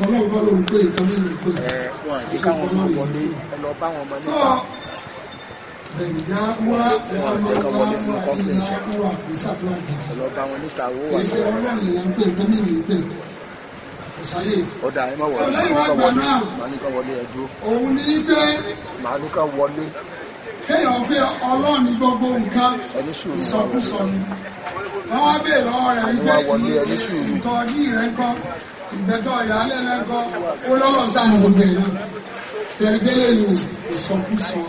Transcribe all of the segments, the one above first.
ọlọ́run bá lóun pé nǹkan nínú pé ìṣèkọ́ náà yìí sọ nàìjíríà wá ẹ̀rọ ìlà wà kò sàfihàn gidi èsì ọlọ́run èèyàn pé nǹkan nínú pé ìsàlẹ̀ ọ̀dà ẹ̀ má wọlé ọ̀lẹ́yìn wá gbà náà òun ní pé màálùkà wọlé kéèyàn pé ọlọ́run ní gbogbo nǹkan ìsọkúsọ ni wọ́n wá bèèrè lọ́wọ́ rẹ̀ wípé ìtọ́jú rẹ̀ gbọ́ ìgbẹ́tọ̀ ìyáálé lẹ́kọ́ ó lọ́rọ̀ sáà gbogbo ẹ̀ tẹ̀gbẹ́lẹ̀ lò ìsọkúsọ oníṣọ́.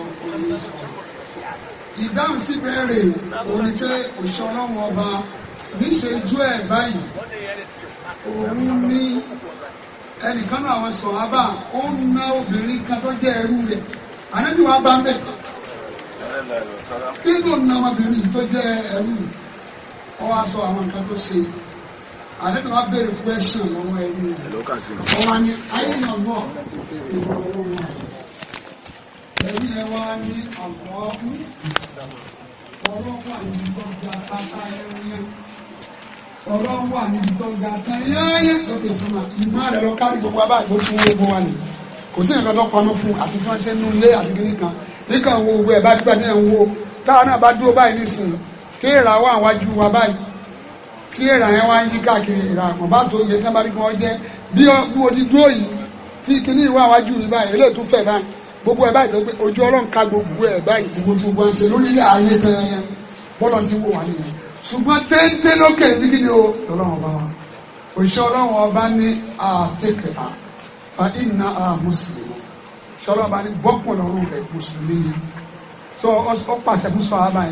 ìdáhùn sí bẹ̀rẹ̀ orí pé òṣìṣẹ́ ọlọ́run ọba níṣẹ́jú ẹ̀ báyìí òun ní ẹnìkan náà àwọn sọ̀hábà ó ń ná obìnrin kan tó jẹ́ ẹrú rẹ̀ ànábìwá bá ń bẹ̀ kí ló ń ná ọmọbìnrin tó jẹ́ ẹrú ọ wá sọ àwọn nǹkan tó ṣe àlejò wa béèrè kwẹ́sìn lọ́wọ́ ẹni rẹ̀ ọ̀wá ni ayé náà bọ̀ ìfowópamọ́ wa ẹ̀rí ẹ̀ wá ní àwọ̀ọ́kú ọlọ́wà níbi tó ń ga pátá yẹ́yẹ́ ọlọ́wà níbi tó ń ga pátá yẹ́yẹ́ lókè sọ́mà ìmọ̀ rẹ̀ lọ kárí gbogbo abáàgbó fún gbogbo wa nìyí kò sí nǹkan tó pamọ́ fún àti tí wọ́n ṣe nínú ilé àti kan nígbà wo gbogbo bá gbà ní ẹ̀ wo táwọn náà bá dúró báyìí nísìnyí kéèrà wà wájú wa báyìí tí èèrà yẹn wá ń yí káàkiri ìrà àpọ̀ bá tó yẹ tábàrí kan jẹ́ bí mo ti dúró yìí tí kìíní ìwà àwájú mi báyìí eléyìí tún fẹ̀ báyìí gbogbo ẹ̀ báyìí tó gbé ojú ọlọ́run ká gbogbo ẹ̀ báyìí gbogbo gbogbo ẹ̀ ṣe lórí ayé tẹ́yẹ bọ́lọ̀ ti wò wá nìyẹn ṣùgbọ́n téńté lókè ní kí ni o lọ́lọ́run ọba wa òṣìṣẹ́ ọlọ́run ọba ní àtẹ̀kẹ̀bà fa ìnà àmùsùlùmí ṣọlọ́run ọba ní bọ́kùn lọ́rùn rẹ̀ mùsùlùmí ni tó ọ pàṣẹ fún sọ àbáyé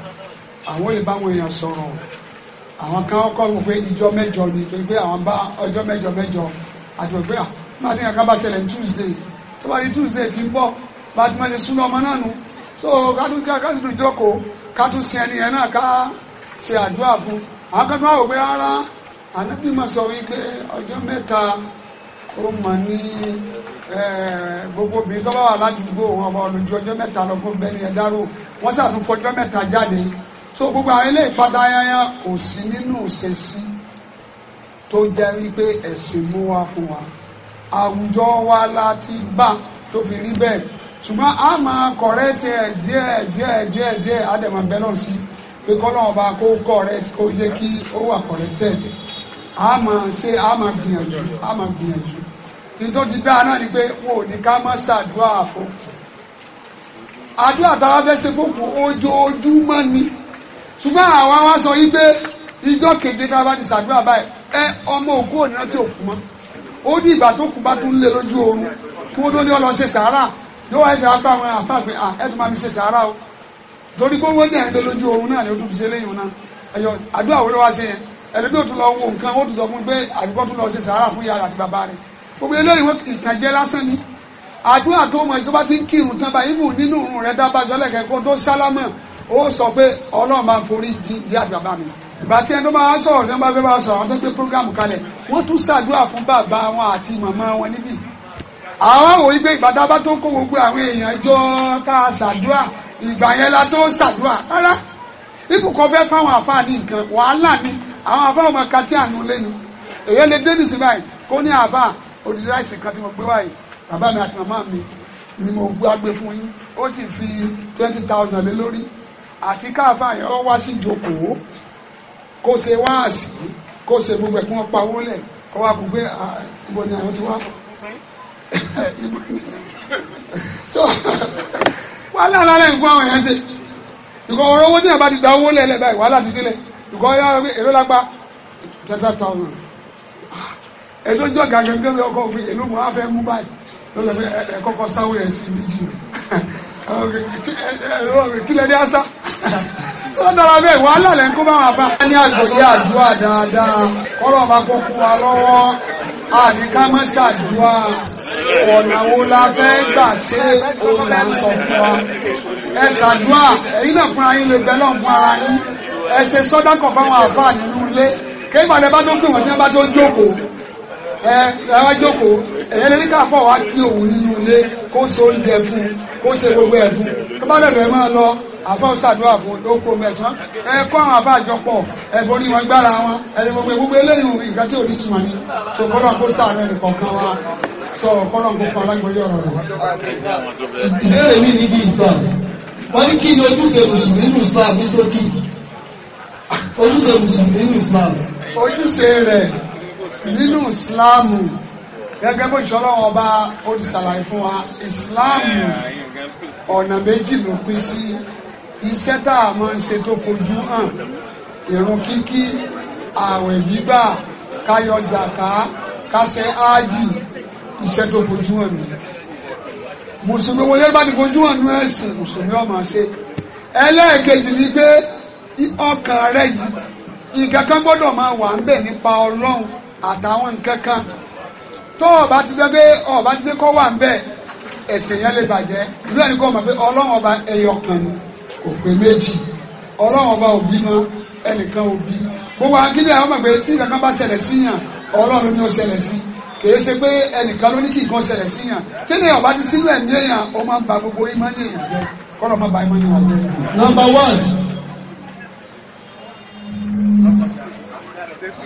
àwọn ò lè bá àwọn èèyàn sọ̀rọ̀ àwọn kan kọ́ wọ pé ìjọ mẹ́jọ ni torí pé àwọn bá ọjọ́ mẹ́jọ mẹ́jọ àti pé à máa ah, ní kankan bá ṣẹlẹ̀ ní Tuesday tó bá ní Tuesday ti ń bọ̀ bá ti máa ṣe súná ọmọ náà nù so kátún ká kásìtò ìjókòó kátún sin ẹni yẹn náà ká ṣe àdúrà fún àwọn kan tó wà wò pé rárá ànábì máa sọ wípé ọjọ́ mẹ́ta ó mọ̀ ní gbogbo obìnrin tó bá wà ládùúgbò wọn ọmọ olùjọ ọjọ́ mẹ́ta lọ fún bẹ́ẹ̀ ni ẹ dárò wọ́n sàtúnfọjọ́ mẹ́ta jáde so gbogbo àwọn ilé ìpadà yányán kò sí nínú ìṣesí tó jẹ́ wípé ẹ̀sìn mú wá fún wa àwùjọ wa láti bá tó fi rí bẹ́ẹ̀ ṣùgbọ́n a máa kọ̀rẹ́ tiẹ̀ díẹ̀ díẹ̀ díẹ̀ díẹ̀ àdèmọ̀ bẹ́ẹ̀ náà sí pé kọ́nà ọba kó kọ̀rẹ́ kó yẹ kí ó wà kọ̀rẹ́ tẹ̀lé a máa ṣe a máa gbìyànjú a máa gbìyànjú títọ́ ti dáa náà ni pé wọn ní ká má ṣàdúrà fún àdúrà táwa fẹ́ ṣe fún ojoojúmọ́ ni ṣùgbọ́n àwa wá sọ yí pé ìjọ kéde ká bá ti ṣàdúrà báyìí ẹ ọmọ òkú òní rántí òkú mọ́ ó ní ìgbà tó kú bá tún lé lójú oorun kí wọ́n tó ní ọlọ́ ṣe sàárà yóò wáyé sàárà bá àwọn àbá pé à ẹ tún máa fi ṣe sàárà o torí pé owó ní ẹ̀ lé lójú oorun náà ni ó tún fi ṣe léyìn náà ẹ̀yọ àdúrà wo ló wá sí yẹn ẹ̀rẹ́dí ò tún lọ wo nǹkan ó tún sọ fún pé àdúgbò tún lọ ṣe sàárà fún yàrá àti bàbá rẹ̀ gbogbo eléyìí wọ́n ìtànjẹ́ lásán ni àdúrà tó mọ̀ ìṣọ́ bá ti ń kírun tán báyìí mú nínú òun rẹ̀ dábàá sọ́lẹ̀ kẹ́kọ́ tó sálámà ó sọ pé ọlọ́run máa ń forí di ìyá àti mi bàtí ẹni tó máa sọ̀rọ̀ ní ọba bẹ́ẹ̀ bá sọ̀rọ̀ àwọn tó gbé programu kalẹ̀ wọ́n tún ṣàdúrà fún bàbá wọn àti màmá wọn níbí àwọn wòye pé ìbàdàn bá tó kó gbogbo àwọn èèyàn jọ ká ṣàdúrà ìgbà yẹn la tó ṣàdúrà rárá ibùkọ́ fẹ́ fáwọn àfáàní nǹkan wàhálà ni àwọn àfáàwọn ọmọ kàtí àánú lẹ́nu èyí lè dé nìsín báyìí kó ní àbá òdìdí kan tí mo gbé wáyé bàbá mi àti màmá mi ni mo gbé agbé fún yín ó sì fi twenty thousand lé lórí àti káàfà yẹn ó wá sí ìjókòó kó ṣe wáàsí kó ṣe gbogbo ẹ̀ kí wọ́n lẹ̀ kó wá kó gbé ibo ni àwọn ti wá so wàhálà lálẹ́ nǹkan àwọn yẹn ṣe ìkọ̀ ọ̀rọ̀ owó ní àbá ti gba owó lẹ́lẹ̀ báyìí wàhálà ti délẹ̀ ìkọ̀ ọ̀yá èrò lápá tẹ́tà tàwọn ètò ìjọ gàgẹ́gẹ́ lọ́kọ̀ òfin èlò mọ́ á fẹ́ mú báyìí lọ́sọ̀ pé ẹ̀kọ́kọ́ sáwó yẹn sí méjì rẹ̀. kílẹ̀ ní àṣà wọ́n dára bẹ́ẹ̀ wọ́n alálẹ̀ ń kó bá wọn bá. wọ́n ní àgbọ́yé àdúrà dáadáa kọ́lọ̀ máa kó kú wa lọ́wọ́ àní ká má ṣàdúrà ọ̀nà wo la fẹ́ gbà ṣe òun là ń sọ fún wa. ẹ ṣàdúrà ẹ̀yin náà fúnra yín lè gbẹ́ náà fún ara yín ẹ ṣe sọ́dá kan fáwọn àbá nínú ilé kéwàá lẹ bá tó gbé wọn tí wọn bá tó jókòó ẹ rárá jókòó ẹ̀yẹ́ lè ní káfọ́ wa kí òun ní ilé kó so oúnjẹ fún kó ṣe gbogbo ẹ̀ fún tó bá dẹ̀bẹ̀ máa lọ àbá òṣàdúrà fún tó kó mẹ́sàn ẹ kó àwọn àbá àjọpọ̀ ẹ borí wọn gbára wọn ẹni gbogbo gbogbo eléyìí nǹkan tí ò ní tuma ni tó kọ́nà kó sáà rẹ̀ nìkan kan wa sọ kọ́nà kó kan alágbèyọ ọ̀rọ̀ rẹ̀. ìbéèrè mi níbi ìtàn wọ́n ní kí ni ojúṣe mùsùlùmí nínú Islam ní sókì ah, ojúṣe mùsùlùmí nínú Islam. ojúṣe rẹ̀ nínú ìsìláàmù gẹ́gẹ́ bó ṣe ọlọ́run ọba ó ti ṣàlàyé fún wa ìsìláàmù ọ̀nà méjì ló pín sí iṣẹ́ tá a máa ń ṣe tó fojú hàn ìrun kíkí ààwẹ̀ gbígbà káyọ zàká kásẹ̀ áàjì iṣẹ́ tó fojú hàn ni mùsùlùmí wọlé bá ti fojú hàn ní ẹ̀sìn mùsùlùmí ọmọ ṣe ẹlẹ́ẹ̀kejì ni pé ọkàn rẹ yìí nǹkan gbọ́dọ̀ máa wà ń bẹ̀ nípa ọlọ́run àtàwọn nǹkan kan tó ọba ti gbẹ pé ọba ti gbé kọ́ wà ń bẹ̀ ẹ̀sìn yẹn lè bàjẹ́ ìlú ẹni kọ́ mọ̀ pé ọlọ́run ọba ẹyọ kan ni kò pé méjì ọlọ́run ọba òbí mọ ẹnìkan òbí gbogbo akíndé àwọn mọ̀ pé tí nǹkan bá ṣẹlẹ̀ síyàn ọlọ́run ni ó ṣẹlẹ̀ sí kìí ṣe pé ẹnìkan ló ní kí nǹkan ṣẹlẹ̀ síyàn tí ní ọba ti sílẹ̀ ní èèyàn ó máa ń ba gbogbo ìmọ̀ ní èèyàn jẹ́ kọ́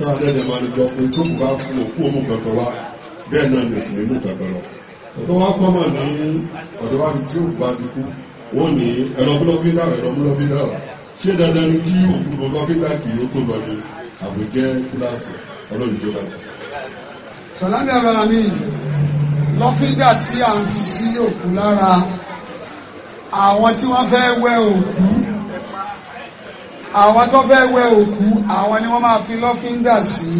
káwọn ẹlẹ́dẹ̀ máa ń gbọ́ pé tó kù bá kú òkú òmù gbẹ̀gbẹ̀ wá bẹ́ẹ̀ náà ni òfin inú gbẹ̀gbẹ̀ lọ. ọ̀dọ́ wa kọ́ mọ̀ ní ọ̀dọ́ wa tí òkú bá ti kú wọ́n ní ẹ̀rọ múlọ́bí náà ẹ̀rọ múlọ́bí náà ṣé dandan ni kí òkú múlọ́bí náà kì yóò tó lọ ní àbújẹ́ kíláàsì ọlọ́run tó dájú. sọ̀láńdà bàrà mi lọ́fíńdà tí à ń fi sí òkú lára àwọn tí wọ́n fẹ́ wẹ òkú àwọn tó fẹ́ wẹ òkú àwọn ni wọ́n máa fi lọ́fíńdà sí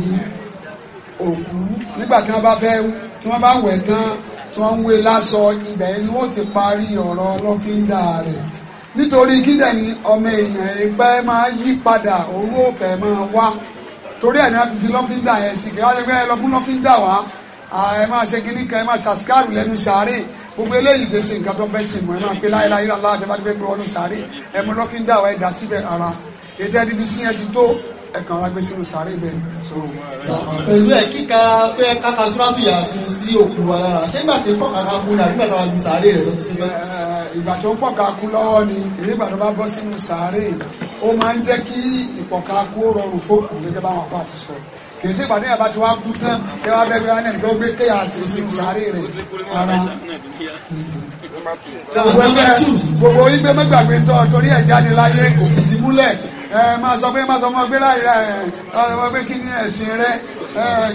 òkú nígbà tí wọ́n bá fẹ́ tí wọ́n bá wẹ̀ tán tí wọ́n ń wé lásọ ibẹ̀ ni wọ́n ti parí ọ̀rọ̀ lọ́fíńdà rẹ̀ nítorí kíndẹ̀ ni ọmọ èèyàn ẹgbẹ́ máa yí padà owó ọ̀fẹ́ máa wá torí ẹ̀ ní wọ́n fi lọ́fíńdà yẹn sí kí wọ́n ṣe pé ẹ lọ fún lọ́fíńdà wá ẹ máa ṣe kíní kan ẹ máa ṣàṣkárù lẹ́nu sàárè gbogbo eléyìí gbèsè nǹkan tó bẹ́ sìn mọ́ ẹ máa pé láéláé láti bá gbé gbé wọnú sàárè ẹ mú lọ́fíńdà wá ẹ dà síbẹ̀ ara kéde ẹni bí sí ẹ ti tó ẹkàn wá gbé sínú sàárè bẹ́ẹ̀ so. pẹ̀lú ẹ kíka pé káka súrátù yà sí sí òkú wa lára ṣé ìgbà tí pọ̀ka ká kú ní àbí ìgbà tí sàárè rẹ̀ lọ sí bẹ́ẹ̀. ìgbà tó pọ̀ka kú lọ́wọ́ ni èyí ìgbà tó bá bọ́ sínú sàárè ó máa ń jẹ́ kí ìpọ̀ka kú rọrùn fóòkù gẹ́gẹ́ báwọn àpá àti sọ kìí sí ìpàdé àbá tí wàá kú tán kí wàá bẹ́ẹ̀ bí wàá nẹ̀ nígbà ó gbé kéyà sí sínú sàárè rẹ̀ rárá gbogbo ìgbẹ́ mẹ́gbàgbé tọ́ torí ẹ̀jáde láyé kò fìdí múlẹ̀ ẹ máa sọ pé máa sọ ọmọ gbé láyé rẹ ọmọ gbé kí ni ẹ̀sìn rẹ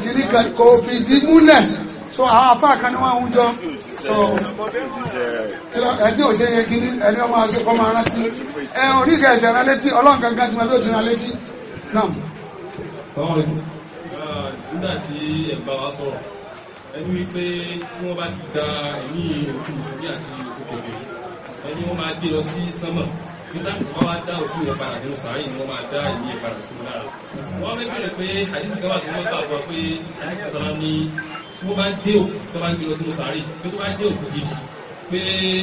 kí ni kò fìdí múlẹ̀ so àwọn afá kan ni wọ́n ń jọ so ẹtí ò ṣe yẹ kí ni ẹni ọmọ àṣẹ kọ́ máa rántí ẹ oníkà ẹ̀sẹ̀ rán létí ọlọ́run gangan ti máa bí ó ti rán létí náà. nígbà tí ẹ̀ wa sọ̀rọ̀ ẹni wípé tí wọ́n bá ti da ẹ̀mí òkú ní àti òkú kòkòrò ẹni wọ́n máa gbé lọ sí sánmọ̀ nígbà tí wọ́n wá dá òkú yẹn padà sínú sàárè ni wọ́n máa dá ìmí yẹn padà sínú lára wọ́n fẹ́ bẹ̀rẹ̀ pé àdìsí kan wà tí wọ́n gbàgbọ́ pé àdìsí sọlá ní tí wọ́n bá gbé òkú tó bá ń gbé lọ sínú sàárè pé tó bá gbé òkú gidi pé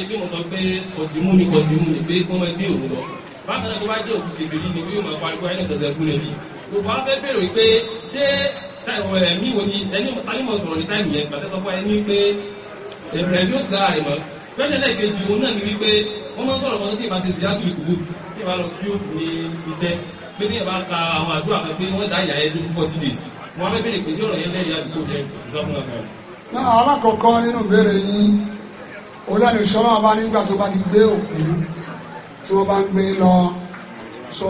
bí mo sọ pé kọ̀dùmú ni kọ̀dùmú ni pé kó máa gbé òkú lọ bákan náà ẹ̀mí wo ni ẹni tálímọ̀ ní táìmù yẹn gbàtẹ́ ẹni pé ẹ̀bùrẹ̀ yóò sì láàrin mọ́ lọ́sẹ̀lẹ̀ kejì òun náà ni wípé wọ́n máa ń sọ̀rọ̀ kan tí ìbá ṣe sí láti ìkòwò tí ìbá lọ kí òkú ní ìtẹ́ pé ní ìbá ka àwọn àdúrà kan pé wọ́n dá ìyá ẹdún fún forty days wọ́n fẹ́ bèrè pé tí ọ̀rọ̀ yẹn lẹ́yìn àdúgbò jẹ ìsọfúnra fún ẹ. náà alákọ̀ọ́kọ́ nínú ìbéèrè yín olórí ìṣọ́lá wa nígbà tó bá ti gbé òkú tí wọ́n bá ń gbé lọ sọ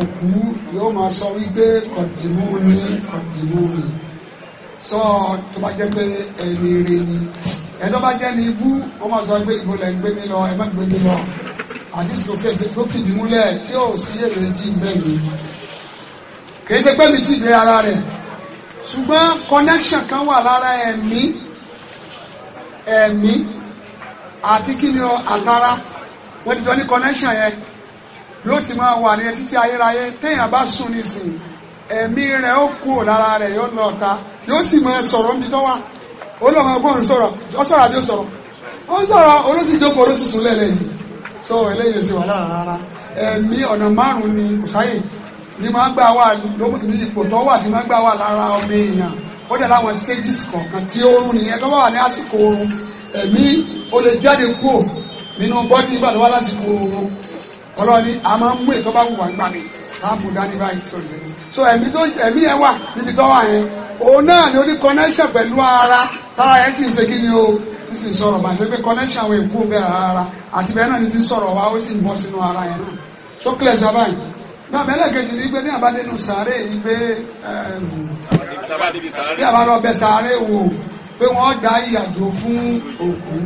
òkú yóò máa sọ wípé kọ̀tìmú ni kọ̀tìmú ni sọ tó bá jẹ́ pé ẹni rẹ ni ẹ̀dọ́ bá jẹ́ ní ibú ó máa sọ pé ìbò lẹ̀ ń gbé mi lọ ẹ má gbé mi lọ àdìsí tó fẹ́ tó fìdí múlẹ̀ tí ò sí èrè jí mẹ́rin kì í ṣe pé mi ti gbé ara rẹ̀ ṣùgbọ́n connection kan wà lára ẹ̀mí ẹ̀mí àti kí ni àtara wọ́n ti jọ ní connection yẹn yóò ti máa wà ní títí ayérayé téèyàn bá sùn nísìnyí ẹ̀mí rẹ̀ ó kúrò lára rẹ̀ yóò lọ ọ̀ta yóò sì máa sọ̀rọ̀ níbi tó wà olóòmọ ọgbọ́n sọ̀rọ̀ ọsọ̀rọ̀ àbí sọ̀rọ̀ ó ń sọ̀rọ̀ olóṣì jókòó olóṣì sùn lẹ́lẹ́yìn tó ẹlẹ́yìn sí wà lára rárá ẹ̀mí ọ̀nà márùn-ún ni kò sáyè ní máa ń gbà wà ní ipò tó wà tí máa ń gbà wà lára ọmọ èèyàn ó dẹ̀ láwọn stages kọ̀ọ̀kan tí oorun nìyẹn tó bá wà ní àsìkò oorun ẹ̀mí ó lè jáde kúrò nínú bọ́dí ìgbà tó wà lásìkò a máa ń mú ètò bá wù gbà mí láàbù dání báyìí sọ̀rọ̀ so ẹ̀mí tó ẹ̀mí yẹn wà níbi tó wà yẹn òun náà ni ó ní connection pẹ̀lú ara tára yẹn sì ń ṣe kí ni o ti sì ń sọ̀rọ̀ bá ṣe pé connection àwọn èkó bẹ̀rẹ̀ rárá àti bẹ́ẹ̀ náà ni ti ń sọ̀rọ̀ wá ó sì ń bọ́ sínú ara yẹn náà tó clear sí abáyé náà mẹ́lẹ̀ kejì ni pé ní àbádẹ́nu sàárè yìí pé bí àbá lọ sàárè wò pé wọ́n gba ìyàjò fún òkú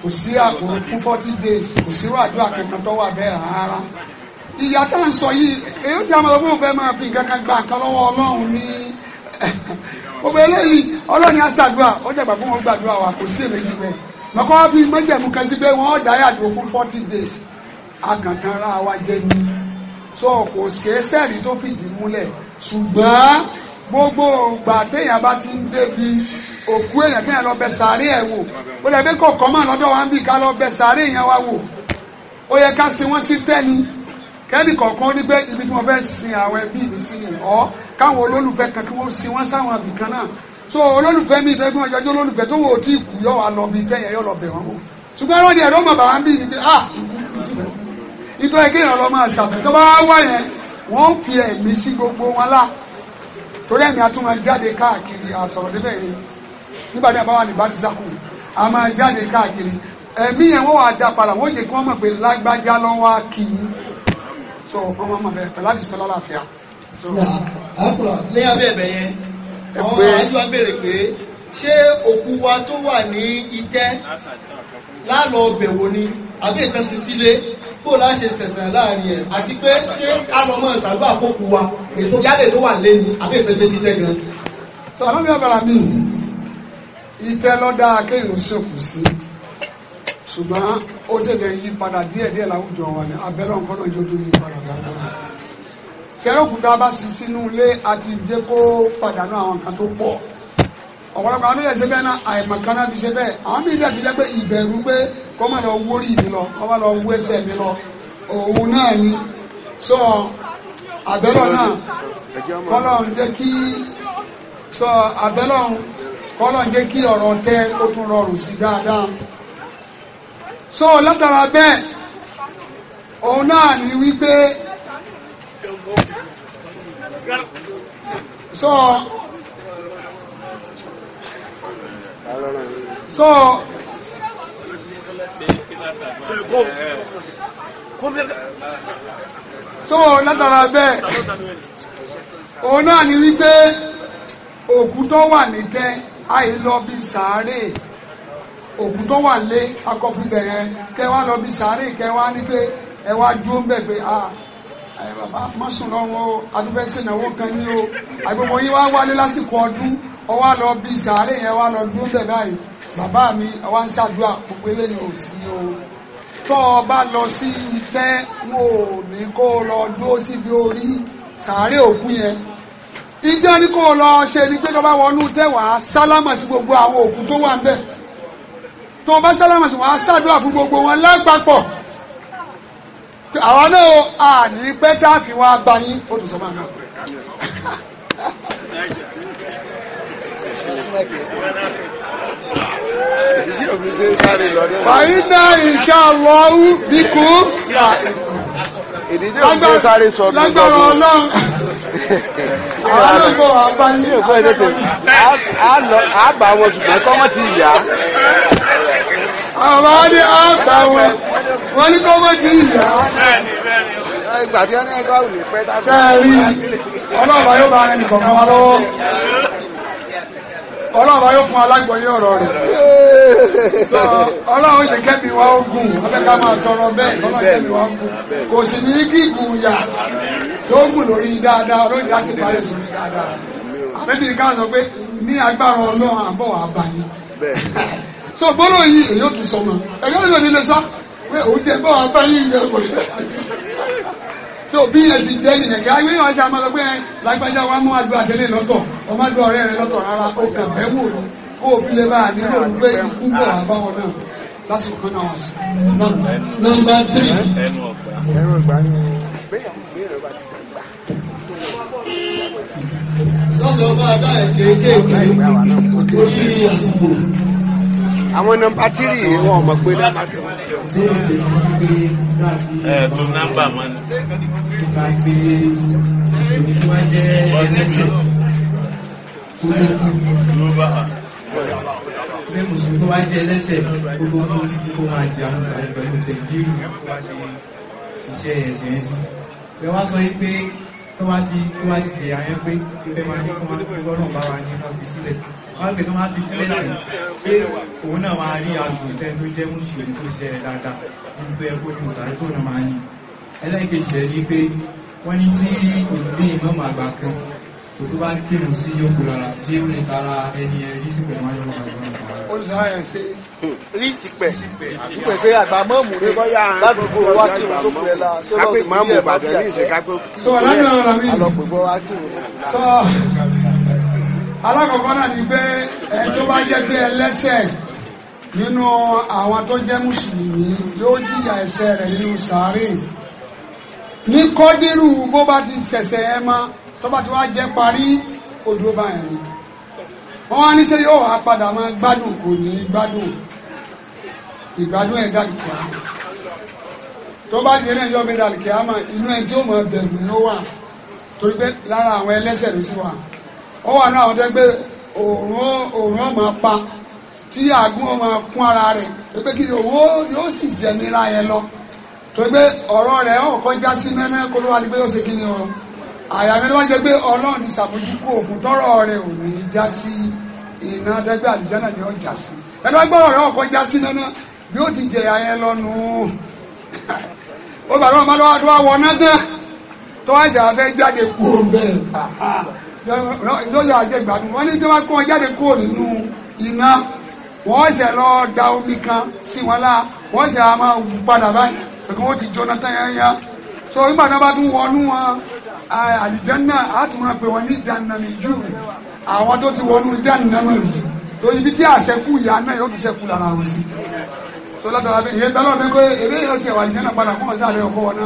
kò sí àkó fún forty days kò sí wàdúrà kankan tó wà bẹ́ẹ̀ rárá ìyá tá à ń sọ yìí èyí tí a máa fún òfẹ́ máa fi nǹkan kan gba nǹkan lọ́wọ́ ọlọ́run ní gbogbo eléyìí ọlọ́run á ṣàdúrà ó dàgbà fún wọn gbàdúrà wa kò sí èmi níbẹ̀ lọ́kọ́ bí mọ́jẹ̀mú kan sí pé wọ́n dá yàtọ̀ fún forty days àgàntàn ara wa jẹ́ ni tó kò ṣe é sẹ́ẹ̀rí tó fìdí múlẹ̀ ṣùgbọ́n gbogbo ògbà téèyàn bá ti ń débi òkú èèyàn kéèyàn lọ bẹ sàárè ẹ̀ wò ó lè yẹ ká sin wọ́n sí tẹ́ni kẹ́nì kọ̀ọ̀kan ní pé ibi tí wọ́n fẹ́ sin àwọn ẹbí mi sí ni ọ́ káwọn olólùfẹ́ kan kí wọ́n sin wọ́n sáwọn àbí kan náà so olólùfẹ́ mi ìfẹ́ gbọ́n ìjọjọ́ olólùfẹ́ tó wò ó tí ìkú yọ wà lọ bí kẹ́yìn yọ lọ bẹ̀ wọ́n mọ́ ṣùgbọ́n ẹ̀rọ ni ẹ̀rọ mọ̀ bàbá ń bí ni ah ìtọ́ ẹ̀kẹ́ ìrọ̀ lọ máa ṣàfẹ́ tó bá wà yẹn wọ́n fi ẹ̀mí sí gbogbo wọn lá torí ẹ̀mí a tún máa jáde káàkiri àsọ̀rọ̀ débẹ̀ yìí nígbà tí a bá wà ní bátísákù a máa jáde káàkiri ẹ̀mí yẹn wọ́n wà dá padà wọ́n jẹ́ kí wọ́n mọ̀ pé lágbájá lọ́wọ́ kì í so wọ́n máa mọ̀ bẹ́ẹ̀ pẹ̀lú àdìsọ́ lálàáfíà. àkùrọ̀ ní abẹ́ẹ̀bẹ̀ yẹn àwọn àjọ béèrè pé ṣé òkú wa tó wà ní itẹ́ lálọ́ ọbẹ̀ wo ni àbí ìfẹsẹ̀ sílé bó láṣẹ sẹ̀sẹ̀ láàrin ẹ̀ àti pé ṣé alọ́mọ ìsàlúwà fókù wa ètò yálẹ̀ tó wà lẹ́ni àbí ìfẹsẹ̀ sílẹ̀ gan. sọ àwọn mìíràn bára mi ìtẹ́ lọ́dá akéèrò ṣòfò sí i. ṣùgbọ́n ó ṣẹ̀ṣẹ̀ yí padà díẹ̀díẹ̀ láwùjọ wa ni abẹ́rẹ́ nǹkan náà jọjọ yí padà dáadáa. kẹ́rọ̀kù a bá sì sínú ilé àti jẹ́ kó pàdánù àwọn nǹkan tó pọ̀ ọ̀pọ̀lọpọ̀ bẹ́ẹ̀ náà fi ṣe bẹ́ẹ̀ àwọn jẹ́ pé ìbẹ̀rù pé kọ́ máa lọ mi lọ kọ́ máa lọ ẹsẹ̀ lọ òun náà ni sọ náà jẹ́ kí ọ̀rọ̀ tẹ́ ó tún so látara bẹ́ẹ̀ òun náà ni wípé so so so látara bẹ́ẹ̀ òun náà ni wípé òkú tó wà ní àìlọ́bí sàárè. òkú tó wà lé akọ́kùn bẹ̀ yẹn wá lọ bí sàárè kẹ́ wá ní pé ẹ wá dúró ń pé a ẹ bàbá má sùn lọ́wọ́ adúbẹ́sẹ̀ náwó kan o àgbẹ̀wò yín wá wálé lásìkò ọdún ọwá lọ bí sàárè yẹn wá lọ bàbá mi ń ṣàdúrà gbogbo eléyìí ò sí o tọ́ ọ bá lọ sí kó o lọ dúró síbi orí sàárè òkú yẹn ìjẹ́ kó lọ ṣe ni pé bá wọnú tẹ́wàá sálámà sí gbogbo àwọn òkú tó wà ń tó wọn bá sálámà sí wọn á ṣàdúrà fún gbogbo wọn lápapọ̀ àwa náà à ní pẹ́ táàkì wọn á bá yín ó tún sọ máa ń náà. Fàyínà ìṣà lọ́wọ́ bí kú. Ìdíjẹ́ òṣèré sáré sọ ọdún lọ́gbọ̀n. Lágbára ọlọ́run. Àwọn àlọ́gbọ̀n àbá ní ọ̀gbọ́n ẹ̀dẹ́gbẹ̀ẹ́. Àgbà wọn ṣùgbọ́n kọ́mọ́ ti yá. àwọn adé àgbà wọn wọn ní kọ́mọ́ ti yà sẹ́ẹ̀rí ọlọ́ọ̀bá yóò bá ẹnì kọ̀ọ̀kan wa lọ́wọ́ ọlọ́ọ̀bá yóò fún alágbọ̀nyé ọ̀rọ̀ rẹ̀ ọlọ́run ogun ọ̀fẹ́ká máa tọrọ bẹ́ẹ̀ ọlọ́run ogun kò sì ní kí ìgùn yà yóò lórí dáadáa dáadáa àbẹ́bí ká sọ pé ní agbára so gbọ́dọ̀ yìí èyí ò tún sọmọ ẹ̀yọ́ ìlú nílé sá pé o jẹ bọ́ abá yìí ń yẹwò so bí ẹ ti jẹ nìyẹn kí ayé wọn ṣe àmọ́ sọ lágbájá wa mú àdúrà tẹ́lẹ̀ lọ́tọ̀ ọmọ àdúrà ọ̀rẹ́ rẹ lọ́tọ̀ rárá ó kàn bẹ́ẹ̀ wò ni ó fi lè bá a nílò pé ikú bọ̀ àbáwọn náà lásìkò kan náà wá sí. nọ́mbà tírì. ẹnu ọgbà ni sọ́sọ́ bá a dá ẹ̀ kéékèèké orí àsìkò àwọn nọmba tírì wọn ò mọ̀ pé nọmba tó. ẹ tó nọmba mọ ni. E, ní Mùsùlùmí tó wá jẹ ẹlẹ́sẹ̀ gbogbo kó máa jẹ àwọn ìsàlẹ̀ pẹ̀lú pẹ̀lú iṣẹ́ ẹ̀sìn ẹ̀sìn. Ẹ wá sọ yí pé tó wá ti tó wá ti dè àyẹ́ pé ìfẹ́ máa ní kó máa gbọ́dọ̀ bá wa ní ọ́fíìsì rẹ̀ wọ́n pè tó máa fi sílẹ̀ rẹ̀ pé òun náà máa rí àgbòtẹ́ tó jẹ́ mùsùlùmí tó ṣe rẹ̀ dáadáa ní pé ẹkùn ní òsàrí tó náà máa yìn ẹlẹ́ẹ̀kejì rẹ̀ ní pé wọ́n ní tí ìdílé ìmọ̀mọ̀ àgbà kan kò tó bá kírun sí yókù rárá tí ó lè tara ẹni ẹ rí sípẹ̀ máa yọ̀wọ̀ àgbọ̀n rí sípẹ̀ sípẹ̀ pé rẹ bọ́yá ládùúgbò kírun tó pẹ́ la ṣé lọ́ọ̀dù bí ẹ̀ bá bí ẹ̀ sọ alákọ̀ọ́kọ́ náà ni pé ẹni tó bá jẹ́ pé ẹlẹ́sẹ̀ nínú àwọn tó jẹ́ mùsùlùmí yóò jìyà ẹ̀ṣẹ̀ rẹ̀ nínú sàárè ní kọ́dírù bó bá ti ṣẹ̀ṣẹ̀ ẹ mọ́ tó bá ti wá jẹ́ parí odò báyìí ni wọ́n wá ní ṣé yóò wá padà máa gbádùn kò ní gbádùn ìgbádùn ẹ̀ dàgbà tó bá jẹ́ náà yọ̀ọ́ mi dàgbà inú ẹ̀ tí ó mọ̀ bẹ̀rù ló wà torí pé lára àwọn ẹlẹ́sẹ̀ ló sì wà ó wà ní àwọn tó gbé òórùn ọmọ pa tí àgún ọmọ kún ara rẹ̀ pé kí owó yóò sì jẹ nílá yẹn lọ tó gbé ọ̀rọ̀ rẹ̀ ó kọjá sí mẹ́mẹ́ kó ló wà ní pé ó ṣe kí ni o àyà mi ló wá jẹ pé ọlọ́run ti ṣàfojúkú òògùn tọ́rọ̀ rẹ̀ ò ní já sí iná dẹ́gbẹ́ àlùjànnà ni ó já sí ẹni wá gbọ́ ọ̀rọ̀ ọ̀kọ́ já sí mẹ́mẹ́ bí ó ti jẹ̀yà yẹn lọ́nu ó bàrọ̀ ọmọ lọ́wọ́ tó wá wọ náà tán tó wá ṣàfẹ́ jáde kúrò bẹ́ẹ̀ lọ́yọ̀ àjẹgbàdùn wọ́n ní tí wọ́n kó wọn jáde kúrò nínú iná wọ́n ṣẹ̀ lọ da omi kan sí wọn lá wọ́n ṣẹ̀ a máa wù padà báyìí pẹ̀lú wọn ti jóná tán yányá so nígbà tí wọ́n bá tún wọnú wọn àlìjánná á tún máa pè wọ́n ní ìjànàmì jù àwọn tó ti wọnú ìjànàmì jù tó ibi tí àṣẹkù ìyá náà yóò fi ṣẹkù lára wọn sí tó látara bí ìyẹn tọ́lọ́ mi pé èrè yóò ṣe wà ìjànà padà fún ọ̀sán àlẹ́ ọkọ̀ wọn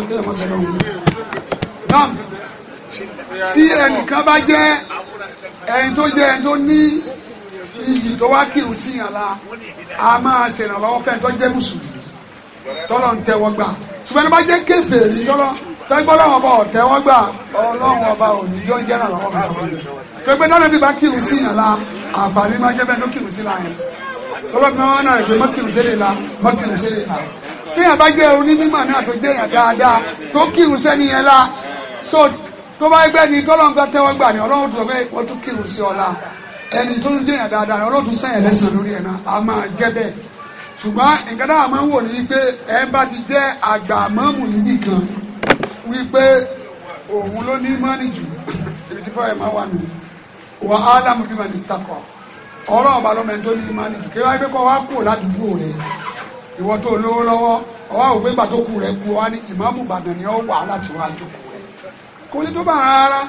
náà tí ẹnìkan bá jẹ́ ẹni tó jẹ́ ẹni tó ní iyì tó wá kírun sí yàn la a máa ṣèrànlọ́wọ́ fẹ́ tó jẹ́ mùsùlùmí tọ́lọ̀ ń tẹ́wọ́ gbà ṣùgbọ́n ní bá jẹ́ kèfèrí tọ́lọ̀ tẹ́gbọ́n lọ́wọ́ ọba ò tẹ́wọ́ gbà ọlọ́wọ́ ọba ò ní yọ jẹ́ ìrànlọ́wọ́ gbà wọ́n pẹ̀pẹ́ náà lẹ́bi bá kírun sí yàn la àǹfààní máa jẹ́ bẹ́ẹ̀ ló kírun sí la yẹn tọ́lọ́ fi máa náà ìgbé mọ́kìrún sílẹ̀ la mọ́kìrún sílẹ̀ la téèyàn bá jẹ́ onímọ̀ náà tó jẹ́yàn dáadáa tó kírun sẹ́ni yẹn la so tó bá gbẹ́ ni tọ́lọ́n bá tẹ́wọ́ gbà ní ọlọ́run tó gbé wọ́n tún kírun sí ọ̀la ẹni tó ń dáadáa ọlọ́run sẹ́yìn lẹ́sìn lórí ẹ̀ náà a máa jẹ́ bẹ́ẹ̀ ṣùgbọ́n nǹkan náà máa ń wò ní pé ẹ ti jẹ́ àgbà mọ́mù níbì kan wípé òun ló ní mọ́nì jù ibi tí máa wà nù á lámù bí takọ̀ ọ̀rọ̀ ọ̀bà lọ́mọ ẹni tó ní mọ́nì jù kí wọ́n á kò ní tó bá rárá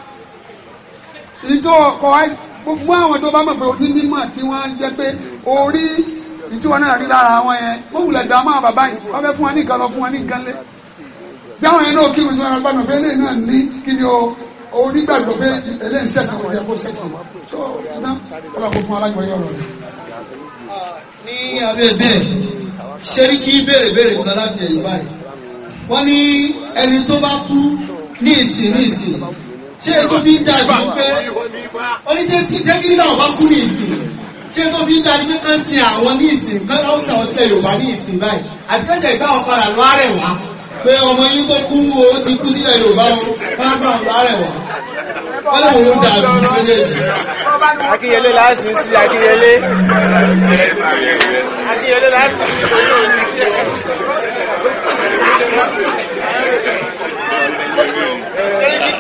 ìjọ ọkọ gbogbo àwọn tó bá mọ̀ pé oní mímọ̀ tí wọ́n jẹ́ pé orí ìjọba náà rí lára wọn yẹn wọ́n wulẹ̀ dá máa bàbá yìí wọ́n fẹ́ fún wọn ní nǹkan lọ fún wọn ní nǹkan lé dáwọn yẹn náà kí wọn sọ wọn gbàgbọ́ pé eléyìí náà ní kí ni o orí gbàgbọ́ pé eléyìí sẹ̀sìn wọn yẹ kó sẹ̀sìn wọn tó ṣùgbọ́n wọn fún alágbọ̀n yọrọ rẹ. ní abẹ́ bẹ́ẹ̀ ṣé kí béèrè béèrè kan láti ẹ̀yìn báyìí wọ́n ní ẹni tó bá kú ní ìsìn ní ìsìn ṣé tó fi ń dájú pé oníjẹ́kí jẹ́kí náà bá kú ní ìsìn ṣé tó fi ń dájú pé kán sin àwọn ní ìsìn kán ọ̀sán ọ̀sẹ̀ Yorùbá ní ìsìn báyìí àti kẹ́sẹ̀ gbá wọn padà lọ àrẹ̀ wá pé ọmọ yín tó kú wo ó ti kú sílẹ̀ Yorùbá wọn bá gbà wọn lọ àrẹ̀ wá wọ́n lè wọ́n dàbí méjèèjì. Akínyẹlé láàṣì sí Akínyẹlé. Akínyẹlé láàṣì sí aláìlẹ̀ ọ̀rọ̀ ni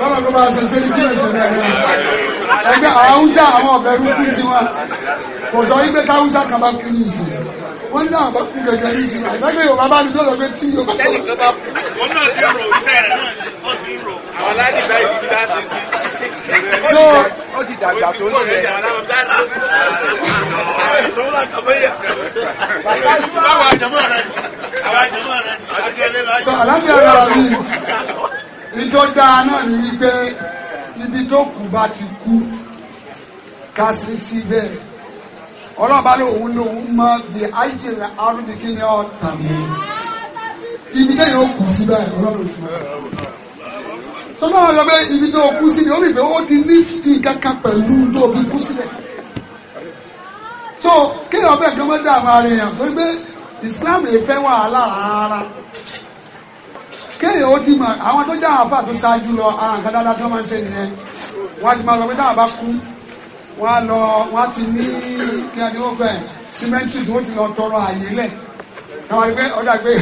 bọ́lá kó bá sọ sẹ́ni kí ẹ̀sẹ̀ náà rẹ̀ ẹgbẹ́ àwùjá àwọn ọ̀bẹ rúkú ti wá kò sọ wípé táwùjá kan bá kú ní ìsìn wọ́n ní àwọn bá kú gẹ̀gẹ̀ ní ìsìn náà ẹgbẹ́ Yorùbá bá ní tó lọ pé tí Yorùbá bá kú. wọn náà ti rò iṣẹ́ rẹ̀ náà ti rò àwọn aláàdì bá ìdí dá sí sí. ó ti dàgbà tó ń ṣe sọ alábẹ́ ọ̀rọ̀ sí ìjọba náà ní wípé ibi tó kù bá ti kú ká sí síbẹ̀ ọlọ́ba lòun lòun mọ bí ayé arúgbó kí ni ọ̀tà mú ibi tẹ́yìn ó kù síbẹ̀ ọlọ́run ti wọ́n tọ́lá ọ̀yọ́ bẹ́ẹ̀ ibi tó kú sí ni ó lè fẹ́ ó ti ní nǹkan kan pẹ̀lú tó fi kú sílẹ̀ so kéèyàn bẹ́ẹ̀ kan mọ́ dá àwọn ara èèyàn torí Islam lè fẹ́ wàhálà rárá kéèyàn ó ti mọ̀ àwọn tó dáhà fà tó ṣáájú lọ ara nǹkan dáadáa tó máa ń ṣe nìyẹn wọ́n á ti máa lọ pé dáhà bá kú wọ́n á lọ wọ́n á ti ní kí á ní ó fẹ́ símẹ́ǹtì tó ti lọ tọrọ àyè lẹ̀ àwọn àgbẹ̀ ọ̀dà gbé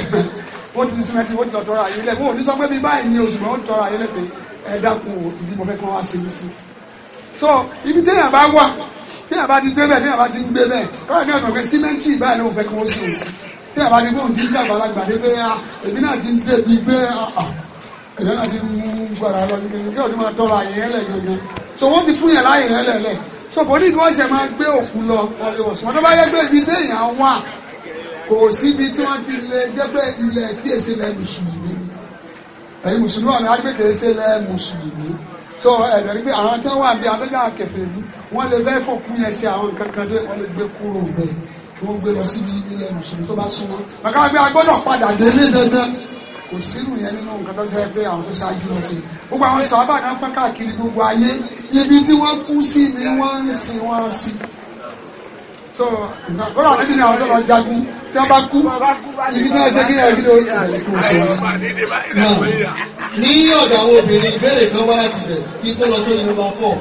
wọ́n ti ní símẹ́ǹtì tó ti lọ tọrọ àyè lẹ̀ wọ́n ò ní sọ pé bí báyìí ni oṣù mọ́ tọrọ àyè lẹ̀ pé ẹ dákun ibi mo fẹ́ kí wọ́n wá ṣe mí sí. so ibi téèyàn bá wà bí àbá ti gbé bẹ́ẹ̀ bí àbá ti gbé bẹ́ẹ̀ káwọn ní ọ̀nà pé símẹ́ǹtì báyìí ló fẹ́ kí wọ́n sùn sí bí àbá ti gbóhùn ti gbé àgbàlagbà dé pé èmi náà ti ń dé bi pé ẹ̀yọ́ náà ti mú gbàrà lọ sí kí ọdún máa tọrọ àyè yẹn lẹ̀ gangan tó wọ́n ti fún yẹn láyè yẹn lẹ̀ lẹ̀ tó bọ́ nínú ọ̀sẹ̀ máa gbé òkú lọ ọ̀sùn tó bá yẹ pé ibi so ẹ̀rọ yìí pé àwọn tí wà bí adájọ́ àkẹfẹ́ yìí wọ́n lè bẹ́ẹ̀ fòkun yẹn sí àwọn nǹkan kan tó wọ́n lè gbé kúrò bẹ́ẹ̀ kí wọ́n gbé lọ síbi ilẹ̀ mùsùlùmí tó bá súnmọ́ bàbá mi agbọ́dọ̀ padà délé dandan kò sínú yẹn nínú nǹkan tó jẹ́ pé àwọn tó ṣáájú lọ sí gbogbo àwọn sọ̀rọ̀ bá pẹ́ káàkiri gbogbo ayé ibi tí wọ́n kú sí ni wọ́n ń sin wọ́n ń tó bọ́lá àwọn tó lọ jagun tí wọ́n bá kú ibi náà ṣe kí ní ẹbí lórí àdìkú náà. ní ọ̀dọ̀ àwọn obìnrin ìbéèrè kan wá láti bẹ̀ kí tó lọ sórí nọ́mbà fọ́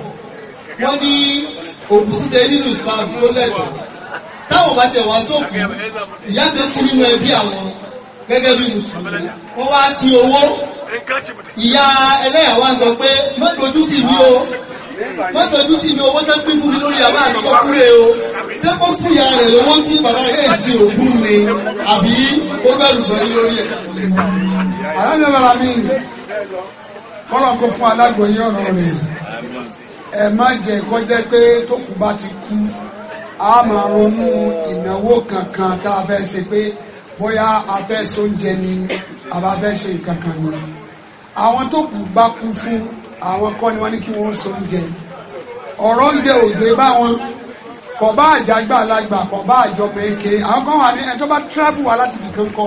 wọ́n ní òkú síse nínú islam tó lẹ́tọ̀ táwọn bá tẹ̀ wá sóòkù ìyá kan kú nínú ẹbí àwọn gẹ́gẹ́ bí mùsùlùmí wọ́n wá pín owó ìyá ẹlẹ́yà sọ pé mọ́tò ojú tì mí o mọ́tò ojú tì mí owó tó pín fún mi lórí àbá àtọ́kọ́ kúrè o ṣé kó fún ìyá rẹ̀ lọ́wọ́ tí bàbá rẹ̀ èsì ògún ni àbí ó bẹ̀rù bẹ̀rù lórí ẹ̀. àyájọ́ lára mi kọ́lọ̀ kó fún alágbòye ọ̀rọ̀ rẹ̀ ẹ má jẹ́ kọjá pé tó kù bá ti kú a máa ronú ìnáwó kankan tá a fẹ́ ṣe pé bóyá a fẹ́ sóúnjẹ ni a bá fẹ́ ṣe kankan ni àwọn tó kù bá kú fún àwọn kọ́ ni kí wọ́n sóúnjẹ ọ̀rọ̀ oúnjẹ òde báwọn kọ̀bá àjàgbà alágbà kọ̀bá àjọpọ̀ èké àwọn kan wà ní ẹni bá travel wá láti nìkan kọ